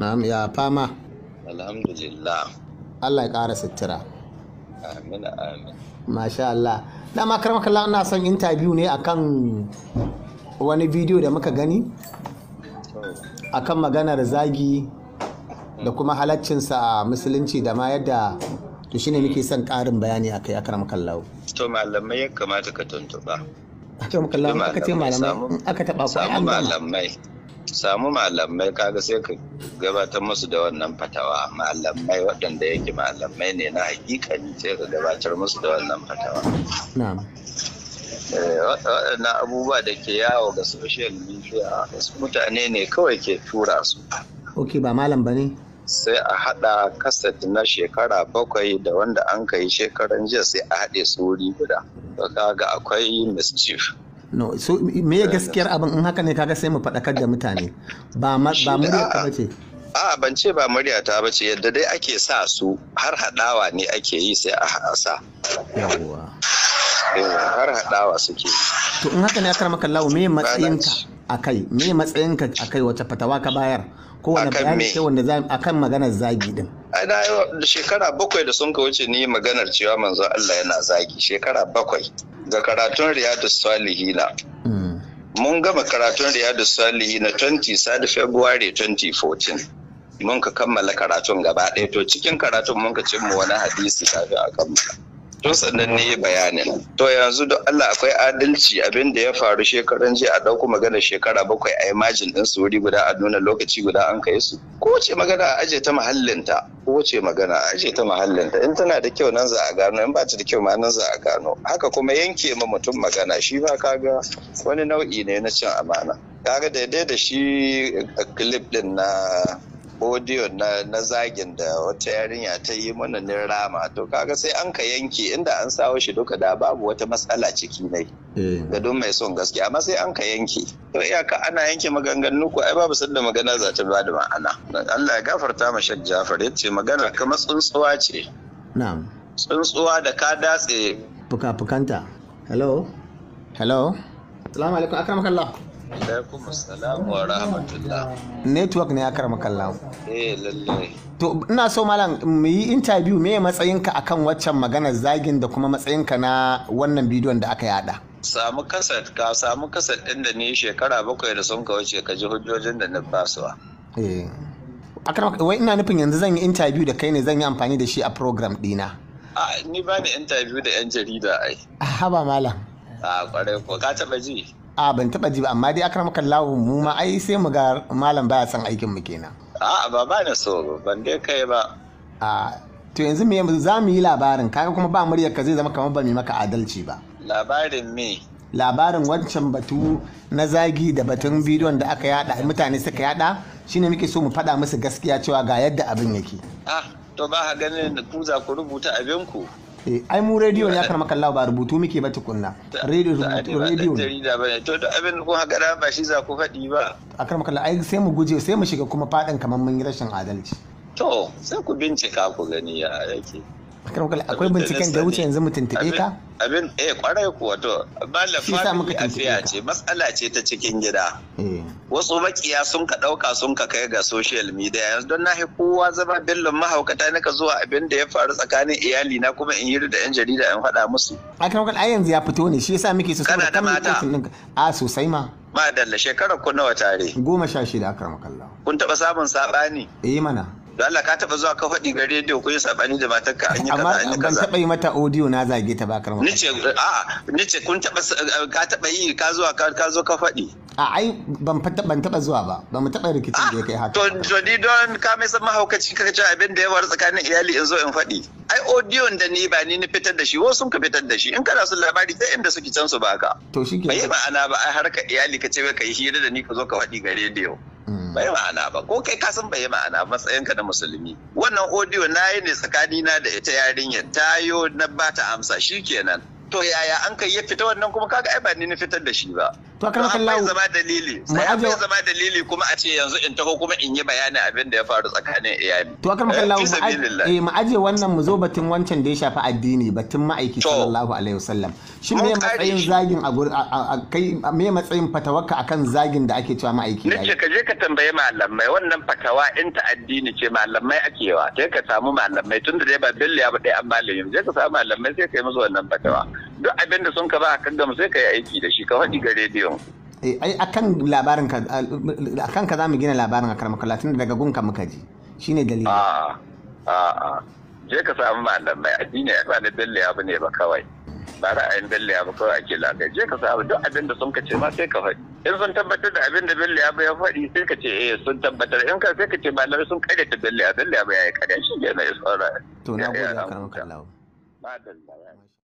na'am ya fama alhamdulillah Allah ya ƙara sutura amin amin masha Allah na makar makalla ina son interview ne akan wani bidiyo da muka gani akan maganar zagi da kuma halaccinsa a musulunci da ma yadda to shine muke son ƙarin bayani akai akan makallawo to malamai ya kamata ka tuntuba akan makallawo aka ce malamai aka taba ku an malamai samu malamai kaga sai ka gabatar musu da wannan fatawa malamai waɗanda yake malamai ne na hakikani sai ka gabatar musu da wannan fatawa eh, waɗannan abubuwa da ke yawo ga social media mutane ne kawai ke tura su ok ba malam ba ne sai a haɗa kasat na shekara bakwai da wanda an kai shekaran jiya sai a haɗe su wuri guda ga akwai mischief no so me gaskiyar abin in haka ne kaga sai mu faɗakar da mutane ba ba murya ta bace a ban ce ba murya ta ce. yadda dai ake sa su har hadawa ne ake yi sai a sa yawwa har hadawa suke to in haka ne akar maka lawo me matsayinka akai me matsayinka akai wata fatawa ka bayar ko wani bayani ce wanda akan maganar zagi din na shekara bakwai da sun ka wuce ni maganar cewa manzo Allah yana zaki shekara bakwai ga karatun riyadu salihina hmm. mun gama karatun riyadu na 20 sad february 2014 mun ka kammala karatun gaba ɗaya to cikin karatun mun ka cimma wani hadisi kafin a kammala tun sannan ne bayanin to yanzu duk Allah akwai adalci abin da ya faru shekaran jiya a ɗauko magana shekara bakwai a imajin ɗin su wuri guda a nuna lokaci guda an kai su ko ce magana a aje ta mahallinta ko ce magana a aje ta mahallinta in tana da kyau nan za a gano in ba ta da kyau ma nan za a gano haka kuma yanke ma mutum magana shi ba kaga wani nau'i ne na cin amana kaga daidai da shi clip din na audio na, na zagin da wata yarinya ta yi mana ne rama to kaga sai an ka yanke inda an sawo shi duka da babu wata matsala ciki ne eh. ga don mai son gaskiya amma sai an ka yanke to iyaka ana yanke maganganu ko ai babu sanda magana za ta bada ma'ana Allah ya gafarta ma Sheikh Jafar yace magana kamar tsuntsuwa ce na'am tsuntsuwa da ka datse fuka-fukanta hello hello assalamu alaikum akramakallah alaikum assalam wa rahmatullah network ne ya karma kallon eh lallai to ina so malam mu yi interview me matsayinka akan waccan maganar zagin da kuma matsayinka na wannan bidiyon da aka yada samu kasat ka samu kasat din da ni shekara bakwai da sun kawo ka ji hujjojin da na basuwa eh akan wai ina nufin yanzu zan yi interview da kai ne zan yi amfani da shi a program dina a ni ba ni interview da yan jarida ai haba malam a kwarai ko ka taba ji a ban taba ji ba amma dai maka lawo mu ma ai sai mu ga malam baya son aikin mu kenan a ba ba ne so ban dai kai ba a to yanzu me za mu yi labarin kaga kuma ba muryar ka zai zama kamar ba mai maka adalci ba labarin me labarin wancan batu na zagi da batun bidiyon da aka yada mutane suka yada shine muke so mu faɗa musu gaskiya cewa ga yadda abin yake ah to ba ha ganin ku za ku rubuta abin ku Eh, ai mu rediyo ne aka maka Allah ba rubutu muke ba tukunna rediyo rubutu rediyo ne to da abin kun haka da ba shi za ku faɗi ba akar maka Allah ai sai mu guje sai mu shiga kuma faɗin kamar mun yi rashin adalci to sai ku bincika ku gani ya yake akwai binciken da wuce yanzu mu tuntube ka abin eh kwarai ku wato. bala muka afiya ce matsala ce ta cikin gida eh. wasu makiya sun ka dauka sun ka kai ga social media yanzu don na kowa zama billin mahaukata ne ka zuwa abin da ya faru tsakanin iyali na kuma in yi da yan jarida in faɗa musu a kan ai yanzu ya fito ne shi yasa muke so kana da mata a sosai ma dalla shekarar ku nawa tare goma sha shida kun taɓa samun saɓani eh mana da Allah ka taba zuwa ka faɗi ga rediyo ko yin sabani da ka an yi kaza an yi kaza amma ban taɓa yi mata audio na zage ta ba karma nice a nice kun taba eh, ka taba yi ka zuwa ka zo ka faɗi a ai ban fata ban taba zuwa ba ba mu taba rikicin da ya kai haka ah, to to ni don ka mai san mahaukaci kaka ce abin da ya war tsakanin iyali in zo in faɗi ai audio da ni ba ni ni fitar da shi wasu sun ka fitar da shi in kana son labari sai inda suke can su baka to shi ke ba ma'ana ba ai ka iyali ka ce ka yi hira da ni ka zo ka faɗi ga rediyo bai ma'ana ba ko kai kasan bai ma'ana ba matsayinka na musulmi wannan audio na yi ne tsakanina da ita yarinyar tayo na bata amsa shi kenan to yaya an kai ya fita wannan kuma kaga ai ba ni na fitar da shi ba to kan kan lawo zama dalili sai zama dalili kuma a ce yanzu in taho kuma in yi bayani abin da ya faru tsakanin iyali to kan kan lawo eh mu aje wannan mu zo batun wancan da ya shafi addini batun ma'aiki sallallahu alaihi wasallam shi me matsayin zagin a kai me matsayin fatawarka akan zagin da ake cewa ma'aiki ne ce ka je ka tambaye malamai wannan fatawa in ta addini ce malamai ake yawa sai ka samu malamai tunda dai ba billahi ba dai amma malamin je ka samu malamai sai ka yi musu wannan fatawa duk abin da sun ka ba a kaggam sai ka yi aiki da shi ka faɗi ga rediyo eh, ai akan labarin ka akan ka zamu gina labarin a karmakala tun daga gunka muka ji shine dalili a a a je ka samu mai addini ya ba da belle abu ne ba kawai ba ra'ayin belle abu kawai ake lafiya je ka samu duk abin da sun ka ce ma sai ka faɗi in sun tabbatar da abin da belle abu ya faɗi sai ka ce eh sun tabbatar in ka sai ka ce malamai sun karyata ta abu belle abu ya yi kare shi ne na isa to na gode karmakala madalla